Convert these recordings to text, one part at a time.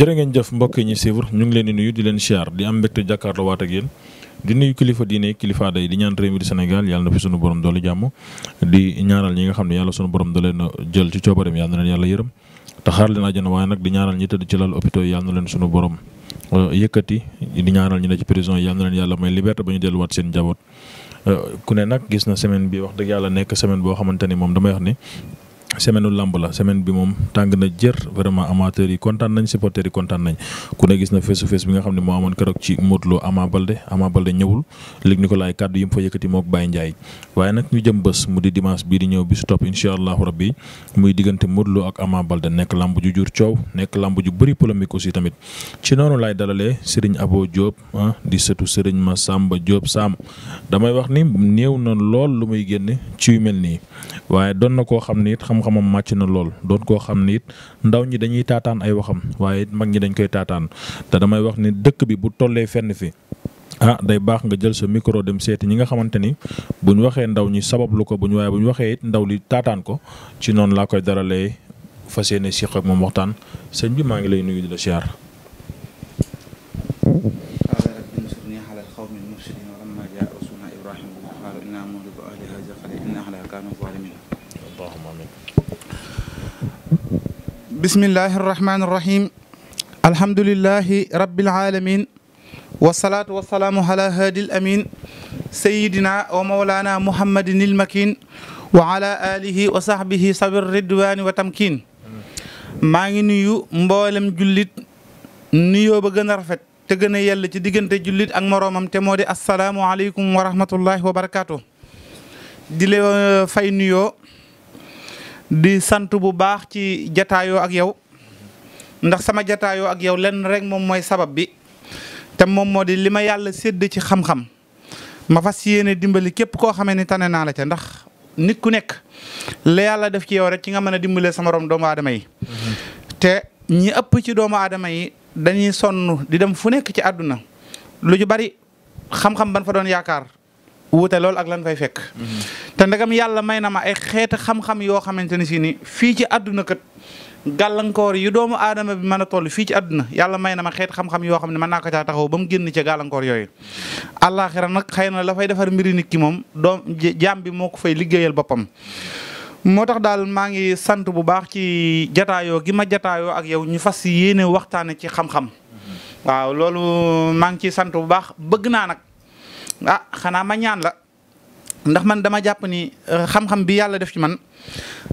jërë ngeen jëf mbokk yi ñu suivre ñu ngi leen di nuyu di leen siyaar di am mbégte jàkkaarloo waat ak yéen di nuyu kilifa diine kilifa day di ñaan réew mi di yàlla na sunu borom doole jàmm di ñaanal ñi nga xam ne yàlla sunu borom da leen jël ci coobareem yàlla na leen yàlla yërëm te xaar leen àjjana waaye nag di ñaanal ñi tëdd ci lal hôpitaux yàlla na leen sunu borom euh, yëkkati di ñaanal ñi ne ci prison yi yàlla na leen yàlla may liberté ba ñu delluwaat seen njaboot euh, ku ne nag gis na semaine bi wax dëgg yàlla nekk semaine boo xamante ni moom damay wax ni semaine lamb la semaine bi moom tàng na jër vraiment amateurs yi kontaan nañ supporters yi kontaan nañ ku ne gis na face to face bi nga xam ne moo amoon keroog ci Modou Lo Ama Baldé Ama Baldé ñëwul léegi ni ko laay kàddu yi mu fa yëkkati mook Baye Ndiaye waaye nag ñu jëm bés mu di dimanche bii di ñëw bi su topp incha allahu rabbi muy diggante Modou ak Ama nekk lamb ju jur coow nekk lamb ju bëri polémique aussi tamit ci noonu laay dalalee Serigne Abo Diop ah, di damay wax ni néew na lool lu muy génn ci yu mel ni xam-xamam màcc na lool doon koo xam ni it ndaw ñi dañuy taataan ay waxam waaye mag ñi dañ koy taataan te damay wax ni dëkk bi bu tollee fenn fi ah day baax nga jël sa micro dem seeti ñi nga xamante ni bu ñu waxee ndaw ñi sabablu ko bu ñu waaye bu ñu waxee it ndaw li taataan ko ci noonu laa koy daralee fas yéene si ak moom waxtaan sëñ bi maa ngi lay nuyu di la siyaar bismillahi arrahmani irrahim alhamdulilahi rabilalamin wasalaatu wasalaamu ala haadi l amin wa maolana muhammadin ilmakin wa ala wa sahbihi sabir ridwani wa tamkin maa ngi nuyu mboolem jullit nuyoo ba gën a rafet te gën a yell ci diggante jullit ak moroomam te moo di wa rahmatullahi wa barakaatu di la uh, fay nuyoo di sant bu baax ci jataayoo ak yow ndax sama jataayoo ak yow lenn rek moom mooy sabab bi te moom moo di li ma yàlla sédd ci xam-xam ma fas yéene dimbali képp koo xamee ni ne naa la ca ndax nit ku nekk la yàlla def ci yow rek ci nga mën na dimbalee sama morom doomu aadama yi. te ñi ëpp ci doomu aadama yi dañuy sonn di dem fu nekk ci àdduna lu ju bari xam-xam ban fa doon yaakaar. wute lool ak lan fay fekk. Mhm. te ndegam yàlla may na ma ay xeet xam-xam yoo xamante ne si ni fii ci àdduna kat gàllankoor yi doomu aadama bi mën a toll fii ci àdduna yàlla may na ma xeet xam-xam yoo xam ne mën naa ko caa taxaw ba mu génn ca gàllankoor yooyu. àllaaxira nag xëy na la fay defar mbiri nit ki moom doom jaam bi moo ko fay liggéeyal boppam. moo tax daal maa ngi sant bu baax ci jataayoo gi ma jataayoo ak yow ñu fas yéene waxtaane ci xam-xam. Mhm. waaw loolu maa ngi ciy sant bu baax bëgg naa nag. ah xanaa ma ñaan la ndax man dama jàpp ni euh, xam-xam bi yàlla def ci man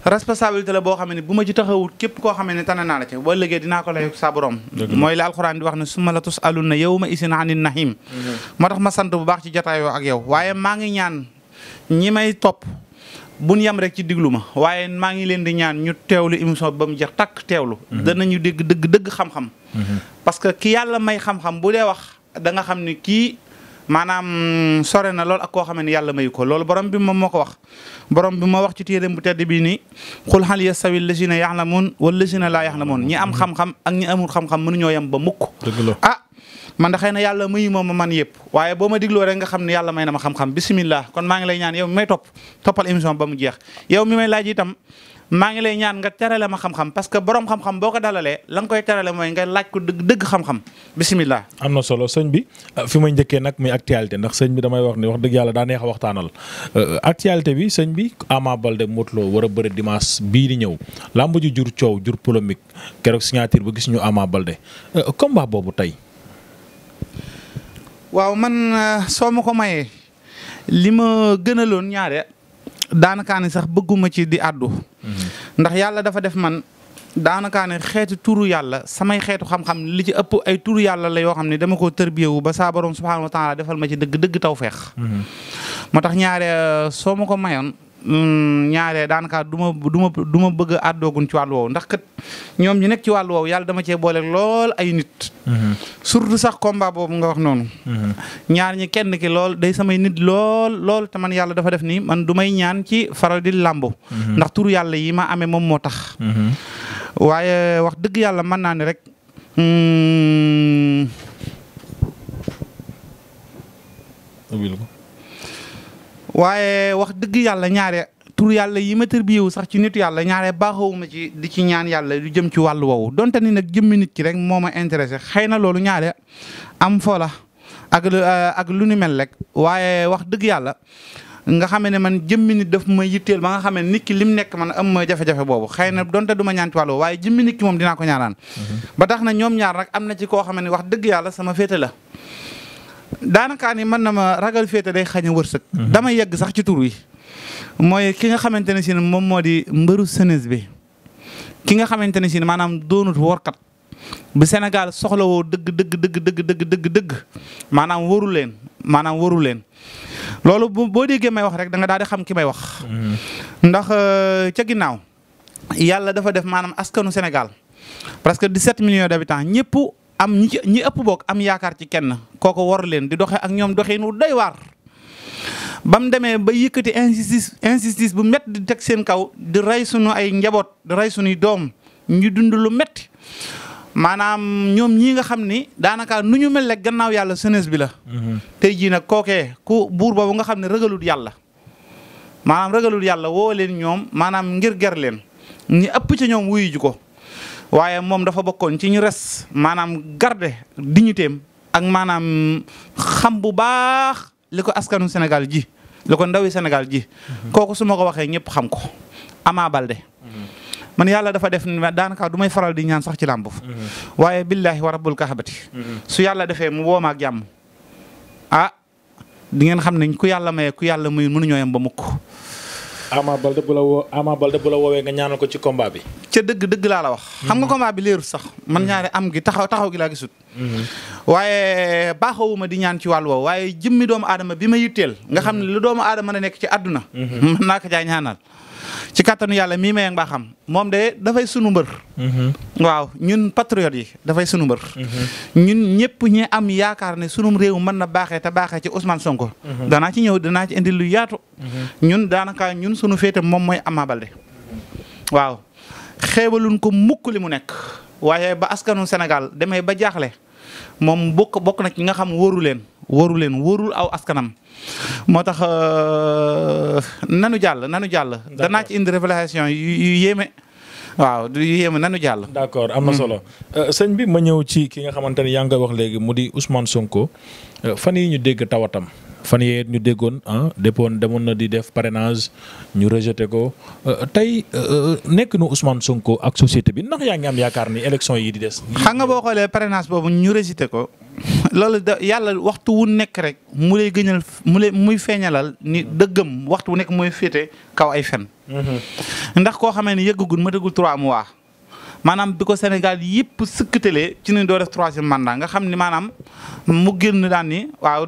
responsabilité la boo xam ne bu ma ci taxawul képp koo xam ne tane naa la ci boo liggéey dinaa ko lay sa borom mooy la alxuraan di wax ne summa la mhm. moo tax ma sant bu baax ci jataayoo ak yow waaye maa ngi ñaan ñi may topp bun yam rek ci diglu ma waaye maa ngi leen di ñaan ñu teewlu émission bi ba mu jeex takk teewlu mhm. danañu dégg dëgg dëgg xam-xam mhm. parce que ki yàlla may xam-xam bu dee wax da xam ne kii maanaam sore na lool ak koo xam ne yàlla mayu ko loolu borom bi moom moo ko wax borom bi moo wax ci téeréem bu tedd bii nii xul xal yastawi lazina yaxlamuun wala lazina laa yaxlamuun ñi am xam-xam ak ñi amul xam-xam mënuñoo yem ba mukk ah ma da xëy na yàlla mayu ma man yëpp waaye boo ma digloo rek nga xam ne yàlla may na ma xam-xam bisimilah kon maa ngi lay ñaan yow mi may topp toppal émission ba mu jeex yow mi may laaj itam maa ngi lay ñaan nga terale ma xam-xam parce que borom xam-xam boo ko dalalee la nga koy terale mooy nga laaj ko dëgg dëgg xam-xam bisimilah. am na solo sëñ bi ah, fi may njëkkee nag muy actualité ndax sëñ bi damay wax ni wax dëgg yàlla daa neex waxtaanal euh, actualité bi sëñ bi Ama Baldé Modou Lo war a bëri dimanche bii di ñëw làmb ji jur coow jur polémique keroog signature ba gisuñu ñu Ama Baldé euh, combat boobu tey. waaw man euh, soo ma ko mayee li ma gënaloon ñaare daanakaa ni sax bëgguma ci di àddu ndax yàlla dafa def man daanakaa ne xeetu turu yàlla samay xeetu xam-xam li ci ëpp ay turu yàlla la yoo xam ne dama koo tërbiyewu ba saa borom subhaanahu defal ma ci dëgg dëgg tawfeex mm-hmm. moo tax ñaare soo ma ko mayoon Mm, ñaare daanaka du ma du ma du ma bëgg a ci wàllu woowu ndax kat ñoom ñi nekk ci wàllu woowu yàlla dama cee boole lool ay nit. Mm-hmm. surtout sax combat boobu nga wax noonu. Mm-hmm. ñaar ñi kenn ki lool day samay nit lool lool te man yàlla dafa def nii man du may ñaan ci faral di làmbo mm-hmm. ndax turu yàlla yi ma amee moom moo tax. waaye wax dëgg yàlla mën naa ni rek. Mm, waaye wax dëgg yàlla ñaare tur yàlla yi ma tër sax ci nit yàlla ñaare baaxawuma ci di ci ñaan yàlla lu jëm ci wàllu woowu donte ni nag jëmmi nit ki rek moom a intéressé xëy na loolu ñaare am foo la ak euh, ak lu ni mel lekk waaye wax dëgg yàlla nga xam ne man jëmmi nit daf ma yitteel ba nga xam ne nit ki lim nekk man am ma jafe-jafe boobu xëy na donte du ma ñaan ci wàllu waaye jëmmi nit ki moom dinaa ko ñaanaan. Mhm. ba tax na ñoom ñaar nag am na ci koo xam ne wax dëgg yàlla sama féete la. daanakaa ni man na ma ragal féete day xañ a wërsëg. Mhm. dama yegg sax ci tur wi. mooy ki nga xamante ne si moom moo di mbëru senes bi ki nga xamante ne si maanaam doonut workat bu Sénégal soxlawoo dëgg dëgg dëgg dëgg dëgg dëgg dëgg maanaam waru leen maanaam waru leen loolu bu boo déggee may wax rek da nga daal di xam ki may wax. Mhm. ndax euh, ca ginnaaw yàlla dafa def maanaam askanu Sénégal presque 17 millions d'habitants ñëpp. am ñi ñi ëpp boog am yaakaar ci kenn kooku waru leen di doxe ak ñoom doxin wu doy waar. ba demee ba yëkkati injustice injustice bu métti di teg seen kaw di rey sunu ay njaboot di rey sunuy doom ñu dund lu métti maanaam ñoom ñii nga xam ni daanaka nu ñu mel rek gannaaw yàlla jeunesse bi la. Mhm. tey jii nag kookee ku buur boobu nga xam ne ragalut yàlla. maanaam ragalul yàlla woo leen ñoom maanaam ngir ger leen ñi ëpp ca ñoom wuyu ko waaye moom dafa bokkoon ci ñu res maanaam garder dignitéem ak maanaam xam bu baax li ko askanu Sénégal ji li ko ndawi Sénégal ji kooku su ma ko waxee ñëpp xam ko Ama Balde man yàlla dafa def daanaka du may faral di ñaan sax ci làmb waaye billaahi wa rabbul kaxabati su yàlla defee mu woo ma ak jàmm ah ngeen xam ne ku yàlla maye ku yàlla muy mënuñoo yem ba mukk Ama Baldé bu la woo Ama Baldé bu la woowee nga ñaanal ko ci combat bi. ca dëgg dëgg laa la wax. xam nga mm-hmm. combat bi leerul sax man ñaare am gi taxaw taxaw gi laa gisut. Mm-hmm. waaye baaxawuma di ñaan ci wàll woowu waaye jëmmi doomu aadama bi ma yitteel. nga xam ne lu doomu aadama na nekk ci àdduna. mën mm-hmm. naa ko ñaanal. ci kàttanu yàlla mii may ak mbaaxam moom de dafay sunu mbër. Mhm. waaw ñun patriotes yi dafay sunu mbër. Mhm. ñun ñëpp ñi am yaakaar ne sunum réew mën na baaxee te baaxee ci Ousmane Sonko. Mhm. danaa ci ñëw danaa ci indi lu yaatu. ñun daanaka ñun sunu féete moom mooy Ama Baldé waaw xeebaluñ ko mukk li mu nekk waaye ba askanu Sénégal demee ba jaaxle moom bokk na nga xam wóoru leen. wóoru leen wóorul aw askanam moo tax euh, nanu jàll nanu jàll. danaa ci indi révélation yu yéeme. waaw du yéeme nanu jàll. d' accord am na hmm. solo. Euh, sëñ bi ma ñëw ci ki nga xamante ni yaa ngi koy wax léegi mu di Ousmane Sonko euh, fan yi ñu dégg tawatam. fan yee ñu déggoon ah déppoon demoon na di def parrainage ñu rejeté ko euh, euh, tey euh, nekk na Ousmane Sonko ak société bi ndax yaa ngi am yaakaar ni élection yi di des. xam nga boo xoolee parrainage boobu ñu rejeté ko loolu da yàlla waxtu wu nekk rek mu lay gëñal mu lay muy feeñalal ni dëggam waxtu wu nekk mooy féete kaw ay fen mm-hmm. ndax koo xamee ni yëggagul ma dëggul trois mois maanaam bi ko Sénégal yëpp sëkkatalee ci ne doo def troisième mandat nga xam ni maanaam mu génn daan ni waaw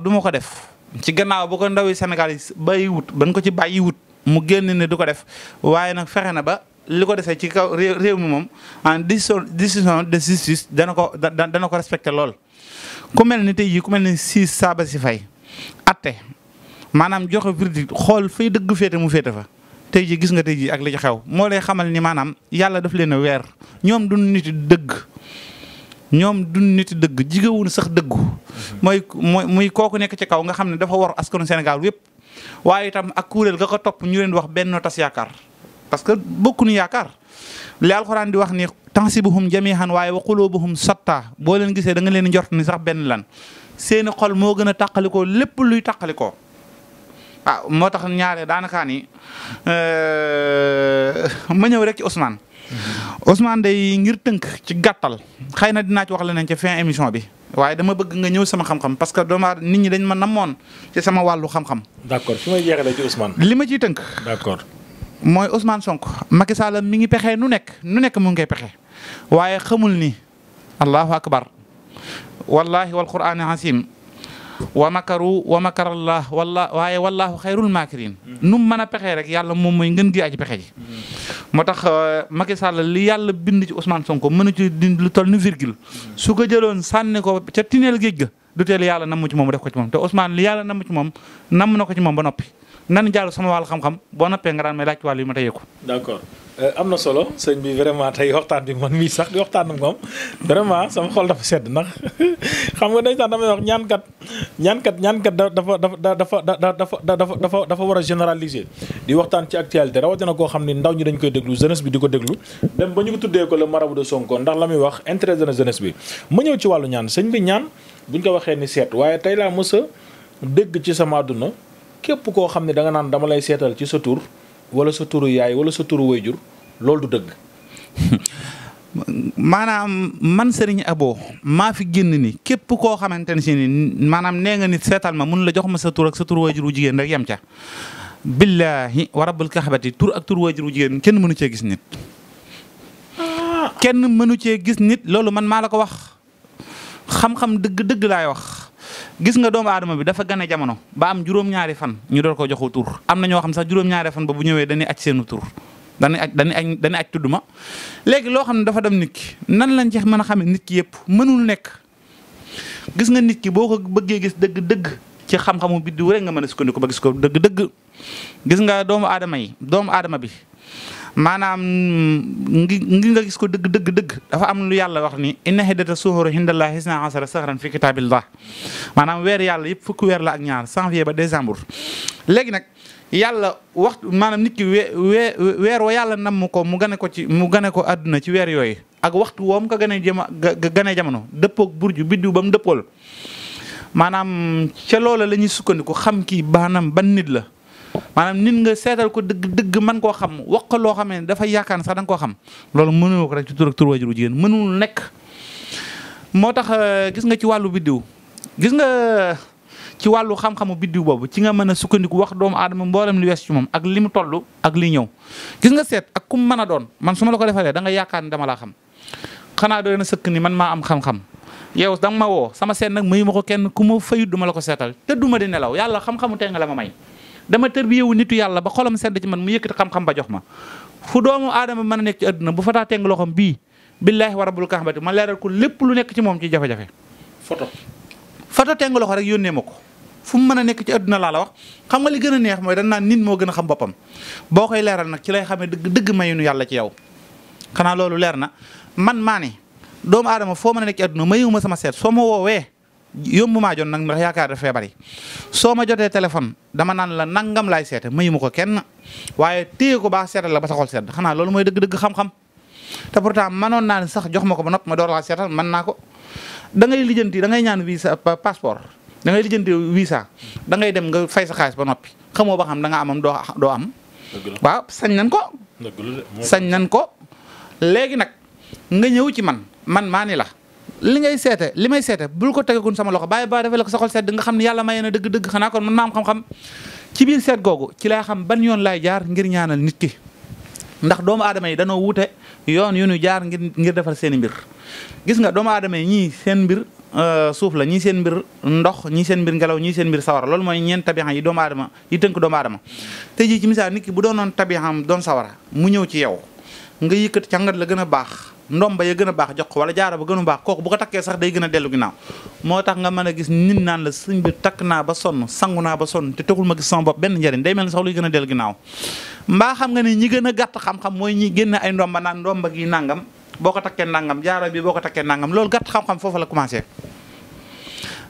ci gannaaw bu ko ndawi Sénégal yi bàyyi wut ban ko ci bàyyi wut mu génn ne du ko def waaye nag fexe na ba li ko defee ci kaw réew mi moom en décision de justice dana ko dana ko respecté lool. ku mel ni tey jii ku mel ni si saaba si fay atte maanaam joxe verdict xool fay dëgg féete mu féete fa. tey jii gis nga tey ak li ci xew moo lay xamal ni maanaam yàlla def leen a weer ñoom du nit dëgg. ñoom du nit dëgg jigéewuñu sax dëggu. Mhm. mooy mooy muy kooku nekk ci kaw nga xam ne dafa war askanu senegal yépp waaye itam ak kuréel ga ko topp ñu leen wax benn tas yaakaar parce que bokkuñu yaakaar li alxuraan di wax ni tansibuhum jamihan waaye wa qulubuhum satta boo leen gisee danga leen njort ni sax benn lan seeni xol moo gën a tàqalikoo lépp luy tàqalikoo ah moo tax ñaaree daanakaa ni euh, ma ñëw rek ci Ousmane Ousmane de ngir tënk ci gàttal xëy na dinaa ci wax leneen ca fin émission bi waaye dama bëgg nga ñëw sama xam-xam parce que doomaa nit ñi dañ ma namoon ci sama wàllu xam-xam. d'accord fi may jeexalee ci li ma ciy tënk. d'accord mooy Ousmane sonk Macky Sall mi ngi pexe nu nekk nu nekk mu ngi koy pexe waaye xamul ni allahu akbar wallahi wal qur'aani asim wa makaru wa makarallah walla waaye wallaahu xayrul maakirin nu mu mën a pexee rek yàlla moom mooy ngën gi aji pexe ji moo tax euh, Macky Sall li yàlla bind ci Ousmane Sonko mënu ci dindi lu toll ni virgule su ko jëloon sànni ko ca tineel géej ga du teel yàlla namm ci moom def ko ci moom te Ousmane li yàlla namm ci moom namm na ko ci moom ba noppi nan jàll sama wàll xam-xam boo noppee nga daan may laaj wàll yi ma teyee ko Euh, am na solo sëñ bi vraiment tey waxtaan bi man mii sax di waxtaan ak moom vraiment sama xol dafa sedd ndax xam nga dañ sax damay wax ñaankat ñaankat ñaankat dafa dafa dafa dafa dafa dafa war a généraliser di waxtaan ci actualité rawatina koo xam ne ndaw ñi dañ koy déglu jeunesse bi di ko déglu dem ba ñu ko tuddee ko le marabout de Sonko ndax la muy wax intérêt de la jeunesse bi ma ñëw ci wàllu ñaan sëñ bi ñaan bu buñ ko waxee ni seet waaye tey laa mës a dégg ci sama àdduna képp koo xam ne danga nga naan dama lay seetal ci sa tur wala sa turu yaay wala sa turu wayjur loolu du dëgg. maanaam man Serigne Abo maa fi génn nii képp koo xamante ne si ni maanaam nee nga nit seetal ma mun la jox ma sa tur ak sa tur waajuru jigéen rek yem ca. billahi bul ka kaxabati tur ak tur juru jigéen kenn mënu cee gis nit. Ah. kenn mënu cee gis nit loolu man maa la ko wax xam-xam dëgg dëgg laay wax. gis nga doomu aadama bi dafa gane jamono ba am juróom-ñaari fan ñu door ko joxu tur am na ñoo xam sax juróom-ñaari fan ba bu ñëwee dañuy aj seenu tur dañuy aj dañuy aj dañuy aj tudd ma léegi loo xam ne dafa dem nit ki nan lañ ci mën a xamee nit ki yëpp mënul nekk gis nga nit ki boo ko bëggee gis dëgg-dëgg ci xam-xamu biddiw rek nga mën a sukkandiku ba gis ko dëgg-dëgg gis nga doomu aadama yi doomu aadama bi maanaam ngi ngi nga gis ko dëgg dëgg dëgg dafa am lu yàlla wax ni inna hiddata suhur hindallahi isna asara sahran fi kitabillah maanaam weer yàlla yëpp fukki weer la ak ñaar janvier ba décembre léegi nag yàlla waxtu maanaam nit ki wee weer wa yàlla namm ko mu gane ko ci mu gane ko àdduna ci weer yooyu ak waxtu woom ka gane jama gane jamono dëppoog burju biddiw ba mu dëppool maanaam ca loola la sukkandiku xam kii baanam ban nit la maanaam nit nga seetal ko dëgg dëgg man koo xam wax ko loo xamee ne dafa yaakaar sax danga koo xam loolu mënuloo ko rek ci tur ak tur waajur jigéen mënul nekk. moo tax euh, gis nga ci wàllu biddiw gis nga ci wàllu xam-xamu biddiw boobu ci nga mën a sukkandiku wax doomu aadama mboolem li wees ci moom ak li mu toll ak li ñëw gis nga seet ak kum mën a doon man su ma la ko defalee danga yaakaar ni dama laa xam xanaa doy na sëkk ni man maa am xam yow danga ma woo sama seet nag mayu ma ko kenn ku ma fayut duma la ko seetal te ma di nelaw yàlla xam-xamu tey nga la ma may dama tërbiyewu nitu yàlla ba xolam sedd ci man mu yëkkati xam-xam ba ma fu doomu aadama mën a nekk ci àdduna bu fa taa teng loxoom bii billaahi wa rabbul kaabati ma leeral ko lépp lu nekk ci moom ci jafe-jafe foto foto teng loxo rek yónnee ma ko fu mu mën a nekk ci àdduna laa la wax xam nga li gën a neex mooy dañ naan nit moo gën a xam boppam boo koy leeral nag ci lay xamee dëgg dëgg mayuñu yàlla ci yow xanaa loolu leer na man maa ne doomu aadama foo mën a nekk ci àdduna mayuma sama seet soo ma woowee yomb maa jot nag ndax yaakaar dafay bari soo ma jotee téléphone dama naan la nangam laay seete mayu ma ko kenn waaye téye ko baax seetal la ba sa xol sedd xanaa loolu mooy dëgg-dëgg xam-xam te pourtant mënoon naa ne sax jox ma ko ba nopp ma door laa seetal man naa ko da ngay lijjanti da ngay ñaan visa passeport da ngay lijjanti visa da ngay dem nga fay sa xaalis ba noppi xamoo ba xam da nga amam doo doo am. waaw sañ nañ ko. sañ nañ ko léegi nag nga ñëw ci man man maa ni la. li ngay seete li may seete bul ko tegeegun sama loxo baay baa defee la ko sa xol sedd nga xam ne yàlla maye na dëgg-dëgg xanaa kon man maam xam-xam ci biir seet googu ci laa xam ban yoon laay jaar ngir ñaanal nit ki ndax doomu aadama yi danoo wuute yoon yu ñu jaar ngir ngir defar seen mbir gis nga doomu aadama yi ñii seen mbir euh, suuf la ñii seen mbir ndox ñii seen mbir ngelaw ñii seen mbir sawara loolu mooy ñeent tabixa yi doomu aadama yi tënk doomu aadama tey jii ci misaal nit ki bu doonoon tabixam doon sawara mu ñëw ci yow nga yëkkat càngat la gën a baax ndomba ya gën a baax jox ko wala jaara ba gën a baax kooku bu ko takkee sax day gën a dellu ginnaaw moo tax nga mën a gis nit naan la sëñ bi takk naa ba sonn sangu naa ba sonn te tegul ma gis sama bopp benn njariñ day mel ni sax luy gën a dellu ginnaaw mbaa xam nga ne ñi gën a gàtt xam-xam mooy ñi génn ay ndomba naan ndomba gi nangam boo ko takkee nangam jaara bi boo ko takkee nangam loolu gàtt xam-xam la commencé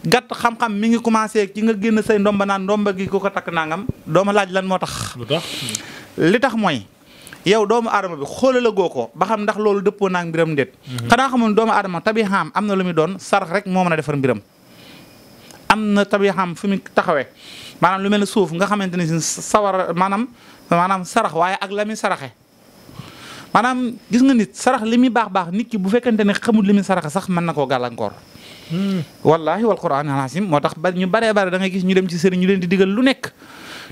gàtt mi ngi commencé ci nga génn say ndomba naan ndomba gi ku ko takk nangam dooma laaj lan moo tax li tax mooy yow doomu aadama bi xoolal a goo ko ba xam ndax loolu dëppoo naag mbiram ndéet mhm. xanaa xamoon doomu aadama tabi xam am na lu muy doon sarax rek moo mën a defar mbiram am na tabi xam fi mu taxawee maanaam lu mel ne suuf nga xamante ne si maanaam maanaam sarax waaye ak la muy saraxe maanaam gis nga nit sarax li muy baax baax nit ki bu fekkente ne xamul li muy saraxe sax mën na koo gàllankoor hmm. wallaahi wal quraan alaasim moo tax ba ñu baree bare da gis ñu dem ci sëriñ ñu leen di diggal lu nekk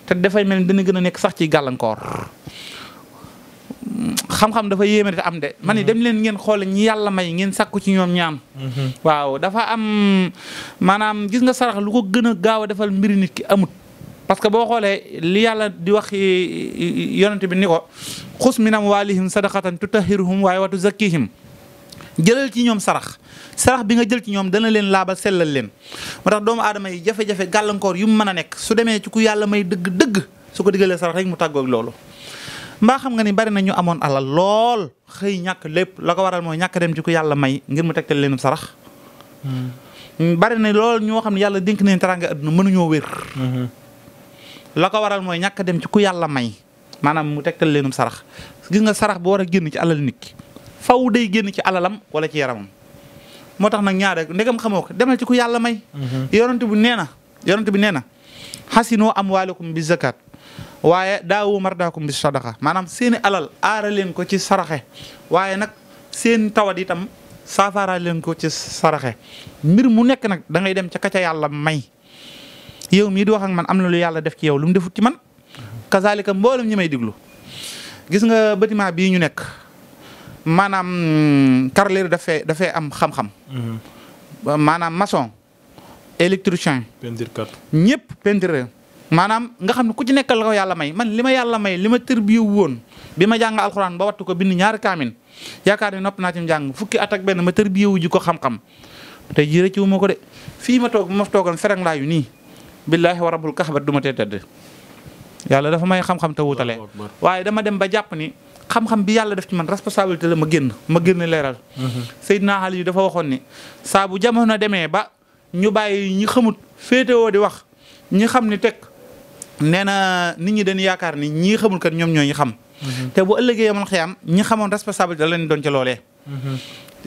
te dafay mel ni dana gën a nekk sax ci gàllankoor xam-xam dafa yéeme te am de man ni mhm. dem leen ngeen xool ñi yàlla may ngeen sakku ci ñoom ñaan mhm. waaw dafa am maanaam gis nga sarax lu ko gën a gaaw defal mbiri nit ki amut parce que boo xoolee li yàlla di wax yonent bi ni ko xus min amwaalihim sadaqatan tutahhiruhum waaye wa tuzakkihim jëlal ci ñoom sarax sarax bi nga jël ci ñoom dana leen laabal sellal leen moo tax doomu aadama yi jafe-jafe gàllankoor yu mu mën a nekk su demee ci ku yàlla may dëgg dëgg su ko diggalee sarax rek mu tàggoog loolu mbaa xam nga ni bari na ñu amoon alal lool xëy ñàkk lépp la ko waral mooy ñàkk dem ci ku yàlla may ngir mu tegtal leen sarax. Hmm. bari na lool ñoo xam ne yàlla dénk nañu teraanga àdduna mënuñoo wér. Hmm. la ko waral mooy ñàkk dem ci ku yàlla may maanaam mu tegtal leenum sarax gis nga sarax bu war a génn ci alal nit ki faw day génn ci alalam wala ci yaramam moo tax nag ñaar rek ndegam xamoo ko demal ci ku yàlla may. Hmm. yonent bu nee na yonent bi nee na xasinoo amwaalikum bi zakat waaye daawu mardaakum bi sadaqa maanaam seeni alal aara leen ko ci saraxe waaye nag seen tawat itam saafara leen ko ci saraxe mbir mu nekk nag dangay dem ca kaca yàlla may yow mii di wax man am na lu yàlla def ci yaw lu mu defut ci man kazalika mboolem ñi may diglu gis nga bâtiment bii ñu nekk maanaam mm, carreleur dafee dafee am xam-xam mm-hmm. maanaam maçon électricien. peinture kat maanaam nga xam ne ku ci nekkal la ko yàlla may man li ma yàlla may li ma tërbiyu woon bi ma jàng alxuraan ba wattu ko bind ñaari kaamin yaakaar ni nopp naa ci jàng fukki at ak benn ma tërbiyu ji ko xam-xam tey jii rëccu ma ko de fii ma toog ma toogoon ferang laayu nii wa rabbul kaxbat du ma tee tëdd te wutale waaye ba jàpp ni xam-xam bi yàlla def ci man responsabilité la ma génn ma génn leeral mhm. Seydina Ali yu dafa waxoon ni saa bu jamono demee ba ñu bàyyi ñi xamut féetewoo di wax ñi xam ni teg nee na nit ñi dañu yaakaar ni ñii xamul kat ñoom ñoo ñu xam. Mhm. te bu ëllëgee yamal xiyaam ñi xamoon responsabilité la leen doon ca loolee. Mhm.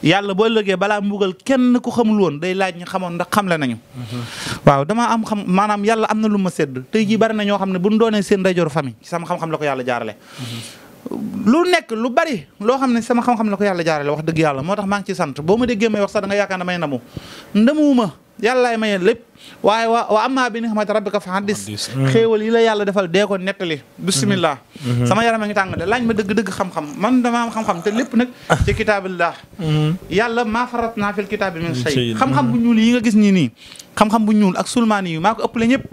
yàlla bu ëllëgee balaa mbugal kenn ku xamul woon day laaj ñi xamoon ndax xam la nañu. Mhm. waaw damaa am xam maanaam yàlla am na lu ma sedd tey jii bari na ñoo xam ne bu ñu doonee seen ndeyjooru famille ci sama xam-xam la ko yàlla jaarale. lu nekk lu bari loo xam ne sama xam-xam la ko yàlla jaarale wax dëgg yàlla moo tax maa ngi ci sant boo ma déggee may wax sax da nga yaakaar ne may namu ndamuwuma yàllaay maye lépp waaye wa wa amma bi ni'mati rabbika mm. la yàlla mm-hmm. Mm-hmm. a ngi tàng de laaj ma dëgg-dëgg xam-xam man dama am xam-xam te lépp nag ah. ci kitaabillah mm-hmm. yàlla maa farat naa fil kitaabi min shay xam-xam bu ñuul yi nga gis ñii nii xam-xam bu ñuul ak sulmaani yi maa ko ëpp la ñëpp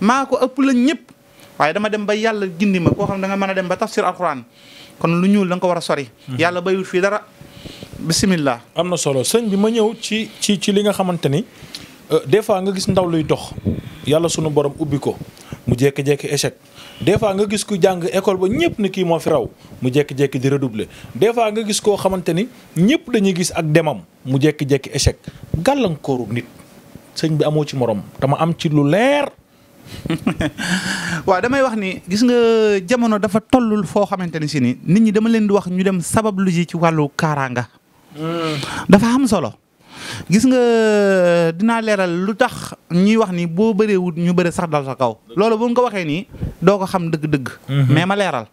maa ko la ñëpp waaye dama dem ba yàlla gindi ma koo xam da nga mën a dem ba tafsir alquran kon lu ñuul da ko war a sori. Mhm. yàlla bayul fii dara bisimilah. am na solo sëñ bi ma ñëw ci ci ci li nga xamante ni euh, des fois nga gis ndaw luy dox yàlla sunu borom ubbi ko mu jékki-jékki échec. des fois nga gis ku jàng école ba ñëpp ni kii moo fi raw mu jékki-jékki di redoubler des fois nga gis koo xamante ni ñëpp dañuy gis ak demam mu jékki-jékki échec gàllankooru nit sëñ bi amoo ci moroom dama am ci lu leer. waaw damay wax ni gis nga jamono dafa tollul foo xamante ne si ni nit ñi dama leen di wax ñu dem sabab lu ji ci wàllu kaaraanga. Hmm. dafa am solo. gis nga dinaa leeral lu tax ñuy wax ni boo bëree ñu bëri sax dal sa kaw. loolu bu nga waxee nii doo ko xam dëgg-dëgg. Hmm. mais ma leeral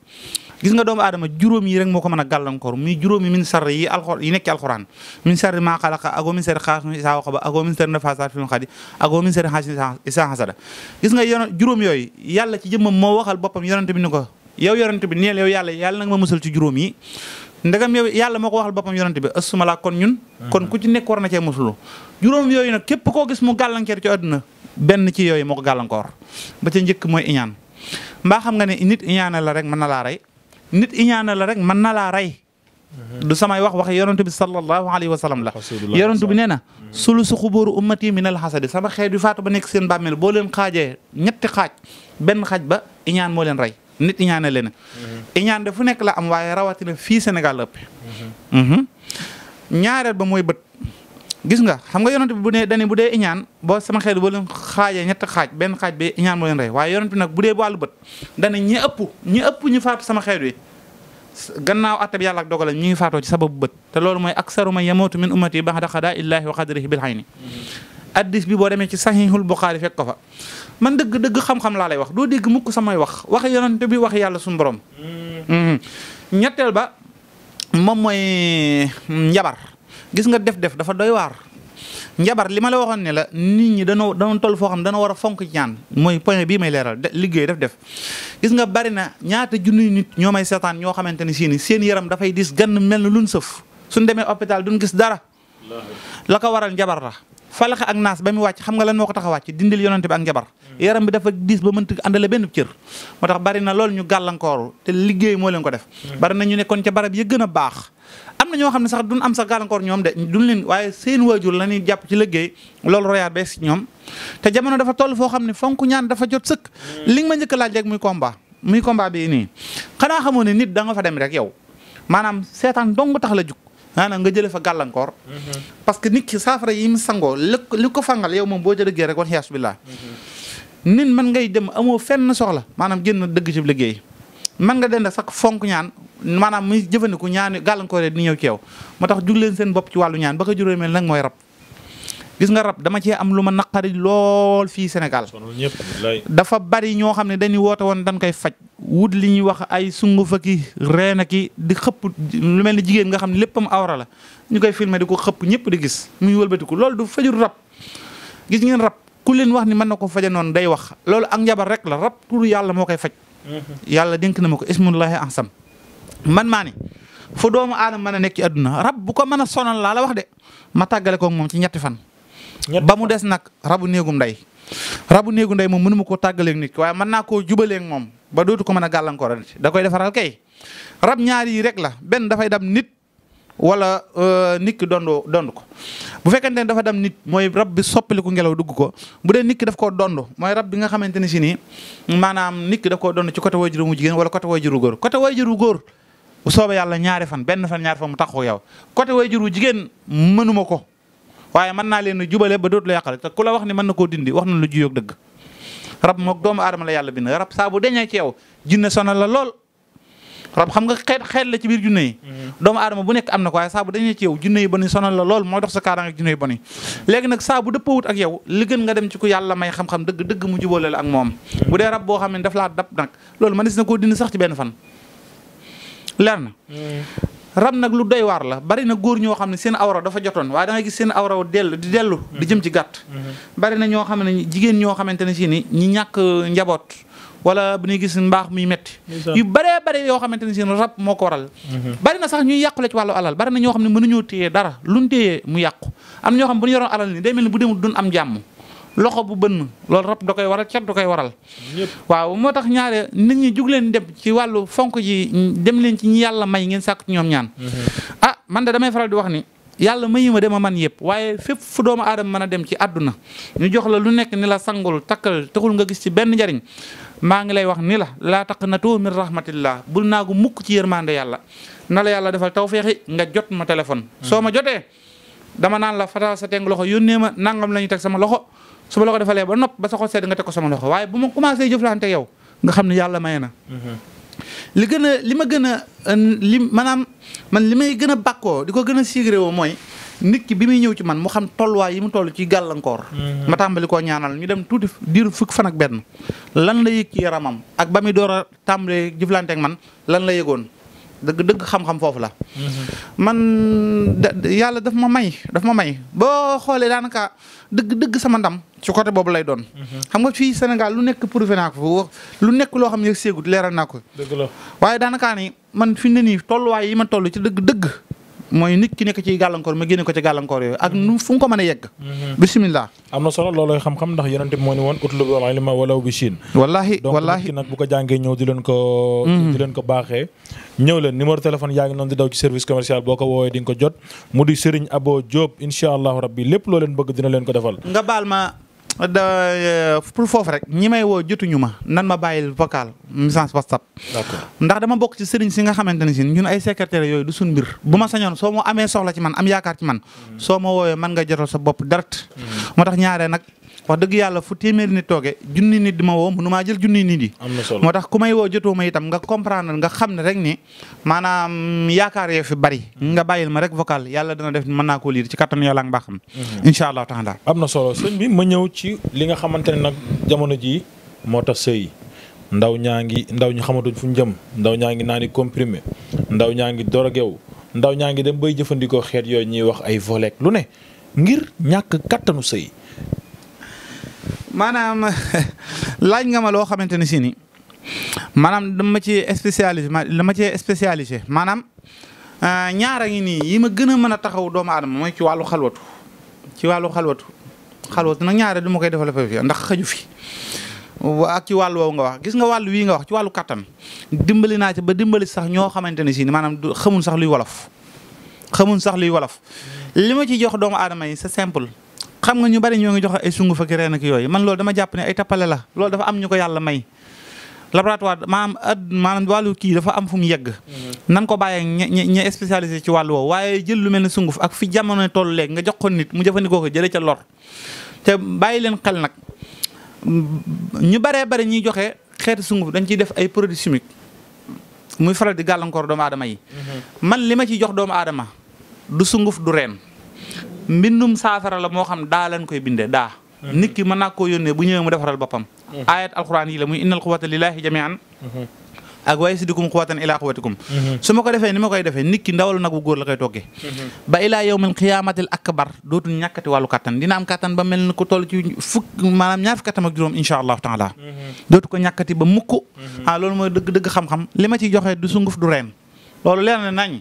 gis nga doomu aadama juróom yi rek moo ko mën a gàllankoor muy juróomi min sarr yi alxor yi nekk ci alxuraan min sarr maa xalaqa agoo min sarr xaasin isaa waqaba agoo min sarr nafaasaat fil xadi agoo min sarr xaasin isaa xasada gis nga yoon juróom yooyu yàlla ci jëmmam moo waxal boppam yonente bi ni ko yow yonente bi neel yow yàlla yàlla nag ma musal ci juróom yi ndegam yow yàlla moo ko waxal boppam yonante bi ëssuma laa kon ñun kon ku ci nekk war na cee musulu juróom yooyu nag képp koo gis mu gàllankeer ci àdduna benn ci yooyu moo ko gàllankoor ba ca njëkk mooy iñaan mbaa xam nga ne nit iñaane la rek mën na laa rey nit iñaana la rek man na laa rey du samay wax waxe yonent bi sallallahu alayhi wa sallam la yonent bi nee na sulusu xubóoru ummati la alxasadi sama xeet yu faatu ba nekk seen bàmmeel boo leen xaajee ñetti xaaj benn xaaj ba iñaan moo leen rey nit iñaane leen iñaan de fu nekk la am waaye rawatina fii Sénégal la ëpp mhm. Mhm. ñaareel ba mooy bët gis nga xam nga yonent bi bu dee dañu bu dee iñaan boo sama xel boo leen xaajee ñett xaaj benn xaaj bi iñaan moo leen rey waaye yonent bi nag bu dee ba wàllu bët dana ñi ëpp ñi ëpp ñu faatu sama xel wi gannaaw attab yàlla ak dogalam ñu ngi faatoo ci sababu bët te loolu mooy aksaru man yamootu min ummati ba'da qadaa illaahi wa qadarihi bil ayni addis bi boo demee ci sahihul buxaari fekk ko fa man dëgg dëgg xam-xam laa lay wax doo dégg mukk samay wax wax yonent bi wax yàlla suñu borom mm. mm-hmm. ñetteel ba moom mooy mm, njabar gis nga def-def dafa doy waar. njabar li ma la waxoon ne la nit ñi danoo danoo toll foo xam ne dana war a fonk ñaan mooy point bii may leeral liggéey def def gis nga bari na ñaata junniy nit ñoo may seetaan ñoo xamante ni sii seen yaram dafay diis gann mel na luñ sëf suñ demee hôpital duñ gis dara la ko waral njabar la falaxa ak naas ba mu wàcc xam nga lan moo ko tax a wàcc dindil yonante bi ak njabar yaram bi dafa diis ba mënta àndale benn cër moo na loolu ñu gàllankooru te ko def bari na a baax am na ñoo xam ne sax duñ am sax gàllankoor ñoom de duñ leen waaye seen waajur la ñuy jàpp ci liggéey loolu royaat bees ñoom te jamono dafa toll foo xam ne fonk ñaan dafa jot sëkk. Mm. li nga ma njëkk laaj rek muy combat muy combat bi nii xanaa xamoo ne nit da nga fa dem rek yow maanaam seetaan dong tax la jug maanaam nga jëlee mm-hmm. yi mu sangoo li ko fangal moom boo jëlee rek wan yaasu billah mm-hmm. nit man ngay dem amoo fenn soxla maanaam génn dëgg ci liggéey man nga dend sax fonk ñaan maanaam muy jëfandiku ñaan gàllankoor di ñëw ci yow moo tax jug leen seen bopp ci wàllu ñaan ba ko juróomeel nag mooy rab gis nga rab dama cee am lu ma naqari lool fii Sénégal dafa bari ñoo xam ne dañuy woote woon dañ koy faj wut li ñuy wax ay sunguf aki reen aki di xëpp lu mel ni jigéen nga xam ne léppam awra la ñu koy filmé di ko xëpp ñëpp di gis muy wëlbatiku loolu du fajul rab gis ngeen rab ku leen wax ni mën na ko faja noonu day wax loolu ak njabar rek la rab turu yàlla moo koy faj yàlla dénk na ma ko ismullahi ansam man maa ni fu doomu aadama mën a nekk ci àdduna rab bu ko mën a sonal laa la wax de ma tàggale koog moom ci ñetti fan. ba mu des nag rabu néegum ndey. rabu néegu ndey moom mënu ma koo tàggaleeg nit waaye mën naa koo jubaleeg moom ba dootu ko mën a gàllankoor nit da koy defaral kay rab ñaar rek la benn dafay dab nit. wala euh, nit ki dondoo dond ko bu fekkente ne dafa dem nit mooy rab bi soppaliku ngelaw dugg ko bu dee nit def daf koo dond mooy rab bi nga xamante ne si nii maanaam nit ki daf koo dond ci côté wayjuru mu jigéen wala côté wayjuru góor côté wayjuru góor bu soobee yàlla ñaari fan benn fan ñaari fan mu taxaw yow côté wayjuru jigéen mënuma ko waaye mën naa leen jubale ba dootu la yàqal te ku la wax ni mën na koo dindi wax na lu juyoog dëgg rab moog doomu aadama la yàlla bind rab saa bu deñee ci yow jinne sonal la lool rab xam nga xeet xeet la ci biir junne yi mm-hmm. doomu aadama bu nekk am na ko waaye saa bu dañee ci yow junne yi bon yi sonal la lool mooy dox sa kaaraange ak junne yi bon yi léegi nag saa bu dëppawut ak yow li gën nga dem ci ku yàlla may xam-xam dëgg dëgg mu jubóole la ak moom mm-hmm. bu dee rab boo xam ne daf laa dab nag loolu mënees na koo dindi sax ci benn fan leer na mm-hmm. rab nag lu doy waar la bari na góor ñoo xam ne seen awra dafa jotoon waaye da ngay gis seen awra dellu di dellu di jëm ci gàtt bari na ñoo xam ne jigéen ñoo xamante ne si ni ñi ñàkk njaboot wala bu ñuy gis mbaax muy metti yu baree bare yoo xamante ne seen rab moo ko waral mhm. bari na sax ñuy yàqule ci wàllu alal bari na ñoo xam ne mënuñoo téye dara luñ mu yàqu am na ñoo xam bu ñu yoroon alal ni day mel ni bu demul duñ am jàmm koy waral cat da koy waral waaw moo tax ñaare nit ñi jug leen dem ci wàllu fonk ji dem leen ci ñi yàlla may ngeen sàkk ñoom ñaan mhm. ah man de damay faral di wax ni yàlla mayuma dema man yëpp waaye fépp fu doomu aadama mën a dem ci àdduna ñu jox la lu nekk ni la sangul takkal taxul nga gis ci benn njariñ maa ngi lay wax ni la laa taqnatu min rahmatillah bul naagu mukk ci yërmande yàlla na la yàlla defal tawféexi nga jot ma téléphone. Hmm. soo ma jotee dama naan la fatal sa teng loxo yónnee ma nangam la ñu teg sama loxo su ma la ko defalee ba nopp ba sa xol sedd nga teg ko sama loxo waaye bu ma commencé jëflante yow nga xam ne yàlla may na. Hmm. li a li ma gën a euh, li maanaam man li may gën a bàkkoo di ko gën a sigré woo mooy. nit ki bi muy ñëw ci man mu xam tolluwaay yi mu toll ci gàllankoor. Mm-hmm. ma tàmbali koo ñaanal ñu dem tuuti diir fukk fan ak benn. lan la yëg ci yaramam ak ba muy door a tàmbalee jëflante man lan la yëgoon dëgg dëgg xam-xam foofu la. Mm-hmm. man yàlla daf ma may daf ma may boo xoolee daanaka dëgg dëgg sama ndam ci côté boobu lay doon. Mm-hmm. xam nga fii Sénégal lu nekk prouvé naa ko lu nekk loo xam ne yëg séegut leeral naa ko. dëgg la waaye daanaka ni man fi ne nii tolluwaay yi ma toll ci dëgg dëgg. mooy nit ki nekk ci gàllankoor ma génne ko ci gàllankoor yooyu ak nu fu nga a yegg mhm. bisimilah am na solo loolooy xam-xam ndax yonente bi moo ni woon utlubul ilma walaw bi Chine wallaahi wallaahi donc nag bu ko leen ko mhm. di leen ko baaxee ñëw leen numéro téléphone yaa ngi noonu di daw ci service commercial boo ko woowee di ko jot mu di Serigne Abo Diop incha allahu rabbi lépp looleen bëgg dina leen ko defal nga baal ma da eh, pour foofu rek ñi may woo jotuñu ma nan ma bàyyil vocal message whatsapp ndax dama bokk ci sëriñ si nga xamante ne si ñun ay secrétaire yooyu du suñ mbir bu ma sañoon soo ma amee soxla ci man am yaakaar ci man mm. soo ma woowee man nga jotal sa bopp dara mm. moo tax ñaare nag wax dëgg yàlla fu téeméeri nit tooge junni nit di ma woo mënu maa jël junni nit yi. am na solo moo tax ku may woo jotoo ma itam nga comprendre nga xam ne rek ni maanaam yaakaar yee fi bari. nga bàyyil ma rek vocal yàlla dana def mën naa koo liir ci kattanu yàlla ak mbaaxam. Mhm. incha allah taala. am na solo sëñ bi ma ñëw ci li nga xamante ne nag jamono ji moo tax sëy ndaw ñaa ngi ndaw ñu xamatuñ fu ñu jëm ndaw ñaa ngi naan comprimé ndaw ñaa ngi dorogew ndaw ñaa ngi dem bay jëfandikoo xeet yooyu ñuy wax ay volek lu ne ngir ñàkk kattanu maanaam laaj nga ma loo xamante ne si ni maanaam dama ci spécialisé dama ci spécialisé maanaam euh, ñaara ngi nii yi ma gën a mën a taxaw doomu aadama mooy ci wàllu xalwatu ci wàllu xalwatu xalwatu nag ñaare du ma koy développé fi ndax xaju fi ak ci wàllu woowu nga wax gis nga wàllu wii nga wax ci wàllu kattan dimbali naa ci ba dimbali sax ñoo xamante ne si ni maanaam xamun sax luy wolof xamun sax luy wolof li ci jox doomu aadama yi c'est simple xam nga ñu bari ñoo ngi jox ay sungu fa ki reen ak yooyu man loolu dama jàpp ne ay la loolu dafa am ñu ko yàlla may laboratoire maanaam ad maanaam wàllu kii dafa am fu mu yegg mm-hmm. nan ko bàyyee ña ci wàllu waaye jël lu mel ne sunguf ak fi jamono toll léegi nga jox ko nit mu jëfandikoo ko jëlee ca lor te bàyyi leen xel nag ñu baree bari ñuy joxe xeeti sunguf dañ ciy def ay produits chimiques muy faral di gàllankoor doomu aadama yi mm-hmm. man li ma ciy jox doomu aadama du sunguf du reen mbindum saafara la moo xam daa lañ koy bindee daa. Mhm. nit ki mën naa koo yónnee bu ñëwee mu defaral boppam. Mhm. ayat alquran yi la muy innal quwwata lillahi jami'an mhm. ak waaye sidikum quwwatan ila quwwatikum su ma ko defee ni ma koy defee nit ki ndawal nag bu góor la koy toggee ba ilaa yawmil qiyaamatil akbar dootul ñàkkati wàllu kattan dina am kattan ba mel ni ko ci fukk maanaam ñaar fukki atam juróom insha allahu taala dootu ko ñàkkati ba mukk ah loolu mooy dëgg xam loolu leer na nañ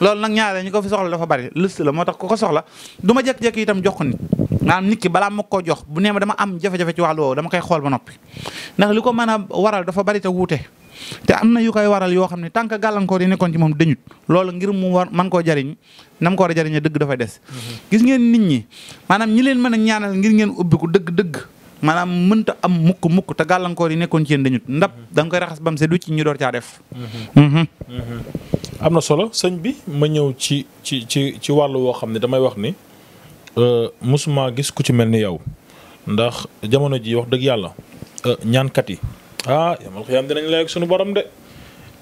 loolu nag ñaare ñu ko fi soxla dafa bari liste la moo tax ku ko soxla du ma jékki-jékki itam jox ko nit maanaam nit ki balaa ma ko jox bu nee ma dama am jafe-jafe ci wàllu woowu dama koy xool ba noppi ndax li ko mën a waral dafa bari te wuute te am na yu koy waral yoo xam ne tant que gàllankoor yi nekkoon ci moom dañut loolu ngir mu war man koo jariñ nam ko war a jariñe dëgg dafa des mhm. gis ngeen nit ñi maanaam ñi leen mën a ñaanal ngir ngeen ubbiku dëgg maanaam mënta am mukk mukk te gàllankoor yi nekkoon ci yéen dañut ndab da nga koy raxas bam se du ci ñu door caa def. Mm-hmm. Mm-hmm. am na solo sëñ bi ma ñëw ci ci ci ci wàllu woo xam ne damay wax ni euh, mosuma gis ku ci mel ni yow ndax jamono ji wax dëgg yàlla euh, ñaankat yi ah yamal xiyaam lay ak sunu borom de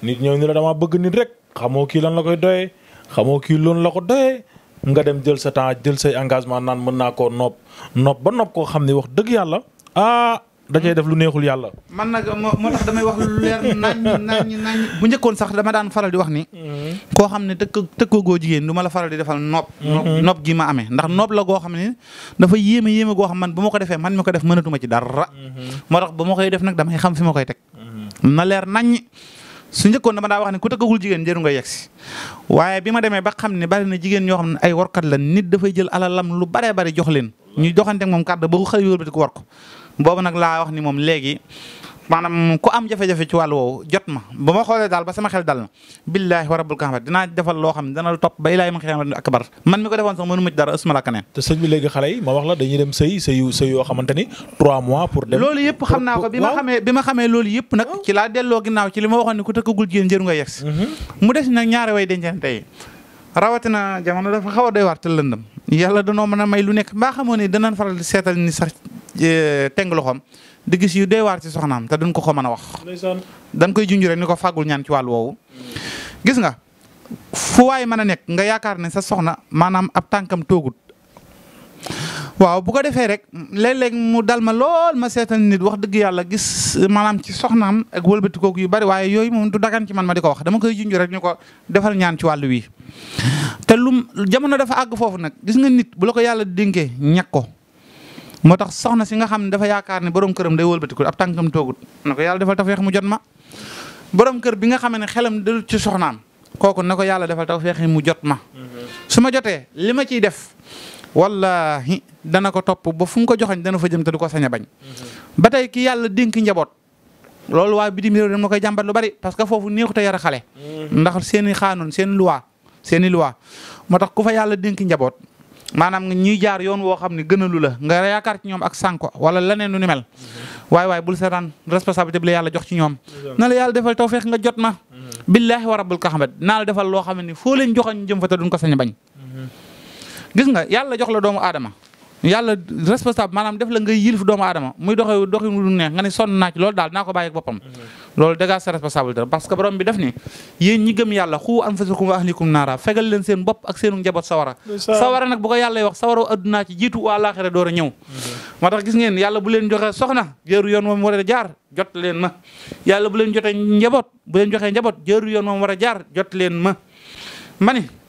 nit ñëw ni la dama bëgg nit rek xamoo kii lan la koy doyee xamoo kii loolu la ko doyee nga dem jël sa temps jël say engagement naan mën naa koo nopp nopp ba nopp koo xam ne wax dëgg yàlla ah da cay def lu neexul yàlla. man nag moo tax damay wax lu leer naññ naññ naññ bu njëkkoon sax dama daan faral di wax ni. Mm-hmm. koo xam ne tëkk tëkkoogoo jigéen du ma la faral di defal mm-hmm. nopp. nopp gi ma amee ndax nopp la goo xam ne dafa yéeme yéeme goo xam man bu ma ko defee man mi ko def mënatuma ci dara. Mm-hmm. moo tax ba ma koy def nag damay xam fi ma koy teg. na leer naññ. su njëkkoon dama daa wax ne ku tëggagul jigéen njëru nga yegsi waaye bi ma demee ba xam ne bari na jigéen ñoo xam ne ay warkat la nit dafa jël alalam lu baree bari jox leen ñu joxante moom kàddu ba ko xëy wëlbati ko ko boobu nag laa wax ni moom léegi maanaam ku am jafe-jafe ci wàllu woowu jot ma ba ma xoolee daal ba sama xel dal na billaahi wa a kaaba dinaa defal loo xam ne dana topp ba ilaahi ma xiyam akbar ko defoon sax mënu mucc dara asuma la kaneen te sëñ bi léegi xale yi ma wax la yoo xamante ni trois mois pour loolu yëpp xam naa ko bi ma xamee ma xamee loolu yëpp nag ci laa delloo ginnaaw ci li ma waxoon ni ku tëkkagul jigéen njëru nga yegsi mhm. mu des nag ñaari way dencante yi rawatina jamono dafa xaw a doy waar te lëndam yàlla danoo mën a may lu nekk mbaa xamoo ne danañ faral di seetal ni sax Eh, teng loxoom di gis yu doy waar ci soxnaam te duñ ko ko mën a wax. dañ koy junj rek ni ko fàggul ñaan ci wàllu woowu. gis nga fu waay mën a nekk nga yaakaar ne sa soxna maanaam ab tànkam toogut. waaw bu ko defee rek léeg-léeg mu dal ma lool ma seetaan nit wax dëgg yàlla gis maanaam ci soxnaam ak wëlbati kooku yu bari waaye yooyu moom du dagan ci man ma di ko wax dama koy junj rek ñu ko defar ñaan ci wàllu wi. te lu jamono dafa àgg foofu nag gis nga nit bu la ko yàlla dénkee ñàkk ko moo tax soxna si nga xam ne dafa yaakaar ne borom këram day wëlbatiku ab tànkam toogut na ko yàlla defal tawfeex mu jot bi nga xam ne xelam dalut ci soxnaam kooku na ko yàlla mu jot ma su ma jotee li ma ciy def wallahi dana ko topp ba fu ko joxañ dana fa jëm te du ko sañ a bañ ba tey ki yàlla dénk njaboot loolu waa bitim réew ma koy jàmbat lu bari parce que foofu neexut a yar a xale ndax seen i xaanoon seen loi seen i loi moo tax ku fa yàlla dénk njaboot maanaam ñuy jaar yoon woo xam ne gënalu la nga yaakaar ci ñoom ak sànko wala leneen lu ni mel waaye waaye bul seetaan responsabilité bi la yàlla jox ci ñoom na la yàlla defal tawfeex nga jot ma mhm. billaahi warabul rabbul kaxamat naa la defal loo xam ne foo leen joxañ jëm fa te duñ ko sañ bañ mhm. gis nga yàlla jox la doomu aadama yàlla responsable maanaam def la ngay yilif doomu aadama muy doxe doxi mu neex nga ne daal naa ko bàyyi ak boppam loolu dégg sa responsabilité parce que borom bi def ni yéen ñi gëm yàlla xuu anfusakum wa ahlikum naara fegal leen seen bopp ak seenu njaboot sawara sawara nag bu ko yàlla wax sawara addunaa ci jiitu waa laaxira door a ñëw moo tax gis yàlla bu leen soxna jëru yoon moom war a jaar jot leen ma yàlla bu joxee njaboot a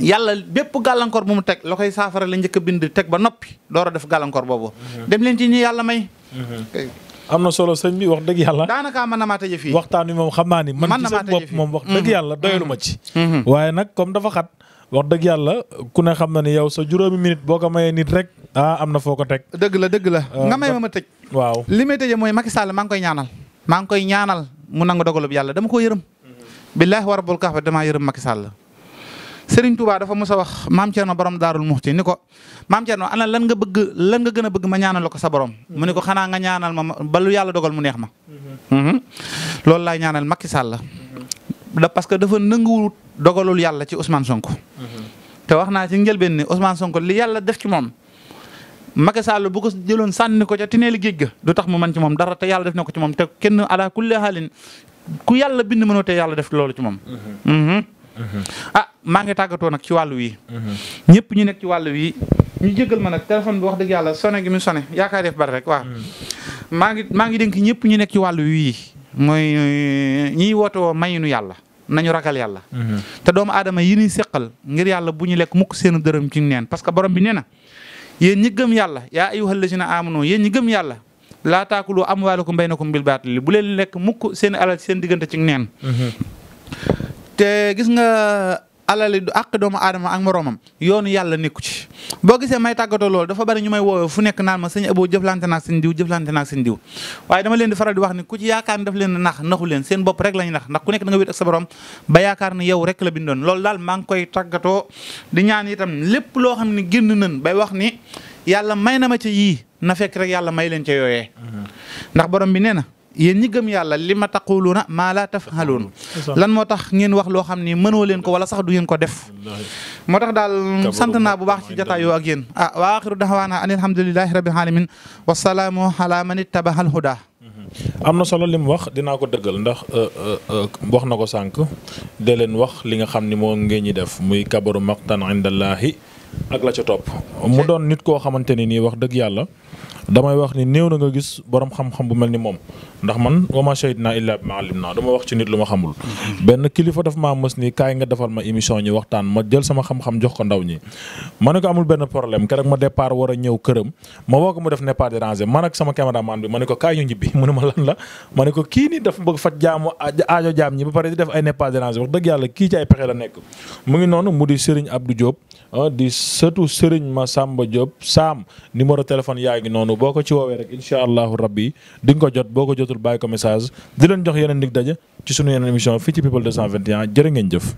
yàlla bépp gàllankoor bu mu teg la koy saafara la njëkk a bind teg ba noppi door a def gàllankoor boobu. Mhm. dem leen ci ñi yàlla may. Mhm. am na solo sëñ bi wax dëgg yàlla. daanaka na maa tëjee fii waxtaan wi moom xam naa ni. man ci seen bopp moom wax dëgg mhm. yàlla doyalu ma ci. waaye nag comme dafa xat. wax dëgg yàlla ku ne xam na ni yow sa juróomi minute boo ko mayee nit rek ah am na foo ko teg. dëgg la dëgg la ah, nga may ma ma tëj. waaw li may tëjee mooy Macky Sall maa ngi koy ñaanal. maa ngi koy ñaanal mu nangu dogalub yàlla dama ko yërëm. billaahi wa rabbul kaaba damaa yërëm Macky Sall Serigne Touba dafa mos a wax maam Thierno borom Daarul Muxti ni ko maam Thierno ana lan nga bëgg lan nga gën a bëgg ma ñaanal la a sa borom. mu ne ko xanaa nga ñaanal ma ba lu yàlla dogal mu neex ma. Mm-hmm. Mm-hmm. loolu laay ñaanal Macky Sall. da parce que dafa nanguwul dogalul yàlla ci Ousmane Sonko. Mm-hmm. te wax naa ci njëlbeen ni Ousmane Sonko li yàlla def ci moom. Macky Sall bu ko jëloon sànni ko ca tineeli géej ga du tax mu man ci moom dara te yàlla def na ko ci moom. ah maa ngi tàggatoo nag ci wàllu wi mhm. ñëpp ñu nekk ci wàllu wi ñu jégal ma nag téléphone bi wax dëgg yàlla soné gi mu soné yaakaar def bari rek waaw mhm. maa ngi maa ngi dénk ñëpp ñu nekk ci wàllu wi mooy ñiy woote woo mayinu yàlla nañu ragal yàlla mhm. te doomu aadama yi ñuy ngir yàlla bu ñu lekk mukk seenu dërëm ci neen parce que borom bi nee na yéen ñi gëm yàlla yaa ayyuhal lazina amanu yéen ñi yàlla laa taakulu amwaalakum baynakum bil baatili bu leen lekk mukk seen te gis nga alali du àq doomu aadama ak moroomam yoonu yàlla nekku ci boo gisee may tàggatoo loolu dafa bari ñu may woowee fu nekk naan ma sëñ Abo jëflante naag seen diw jëflante naag seen diw waaye dama leen di faral di wax ni ku ci yaakaar ni daf leen nax naxu leen seen bopp rek lañu nax ndax ku nekk da nga wéet ak sa borom ba yaakaar ni yow rek la bindoon loolu daal maa ngi koy tàggatoo di ñaan itam lépp loo xam ne génn nañ bay wax ni yàlla may na ma ci yii na fekk rek yàlla may leen ca yooyee mm-hmm. ndax borom bi nee na yéen ñi gëm yàlla li ma taquluuna maa la tafhaluun lan moo tax ngeen wax loo xam ni mënoo leen ko wala sax du ngeen ko def moo tax daal sant naa bu baax ci jataayoo ak yéen a ah, wa axiru daxwaana an alhamdulilahi rabbil alamin wasalaamu ala man ittabaha alhuda mhm. am na solo li mu wax dinaa ko dëggal ndax euh, euh, euh, wax na ko sànq de leen wax li nga xam ni moo ngeen ñi def muy kabaru maqtan indallaahi ak la ca topp. mu doon nit koo xamante ne nii wax dëgg yàlla damay wax ni néew na nga gis borom xam-xam bu mel ni moom ndax man wa ma shahid naa illaa ma alim naa dama wax ci nit lu ma xamul. Mhm. benn kilifa daf maa mës ni kaay nga defal ma émission ñu waxtaan ma jël sama xam-xam jox ko ndaw ñi. ma ne ko amul benn problème keroog ma départ war a ñëw këram ma woo ko mu def ne pas man ak sama caméraman bi ma ne ko kaay ñu ñibbi mu ne ma lan ko kii nii dafa bëgg faj jaamu aajo jaam ñi ba pare di def ay ne pas déranger wax dëgg ay pexe la nekk mu ngi noonu di Serigne Abdou Diop ah, di sëtu Serigne Massamba Diop Sam numéro téléphone yaa ngi noonu boo ko ci woowee rek incha allahu rabbi di nga ko jot boo ko jotul bàyyi ko message di leen jox yeneen dig daje ci sunu yeneen émission fii ci people 221 jërë ngeen jëf.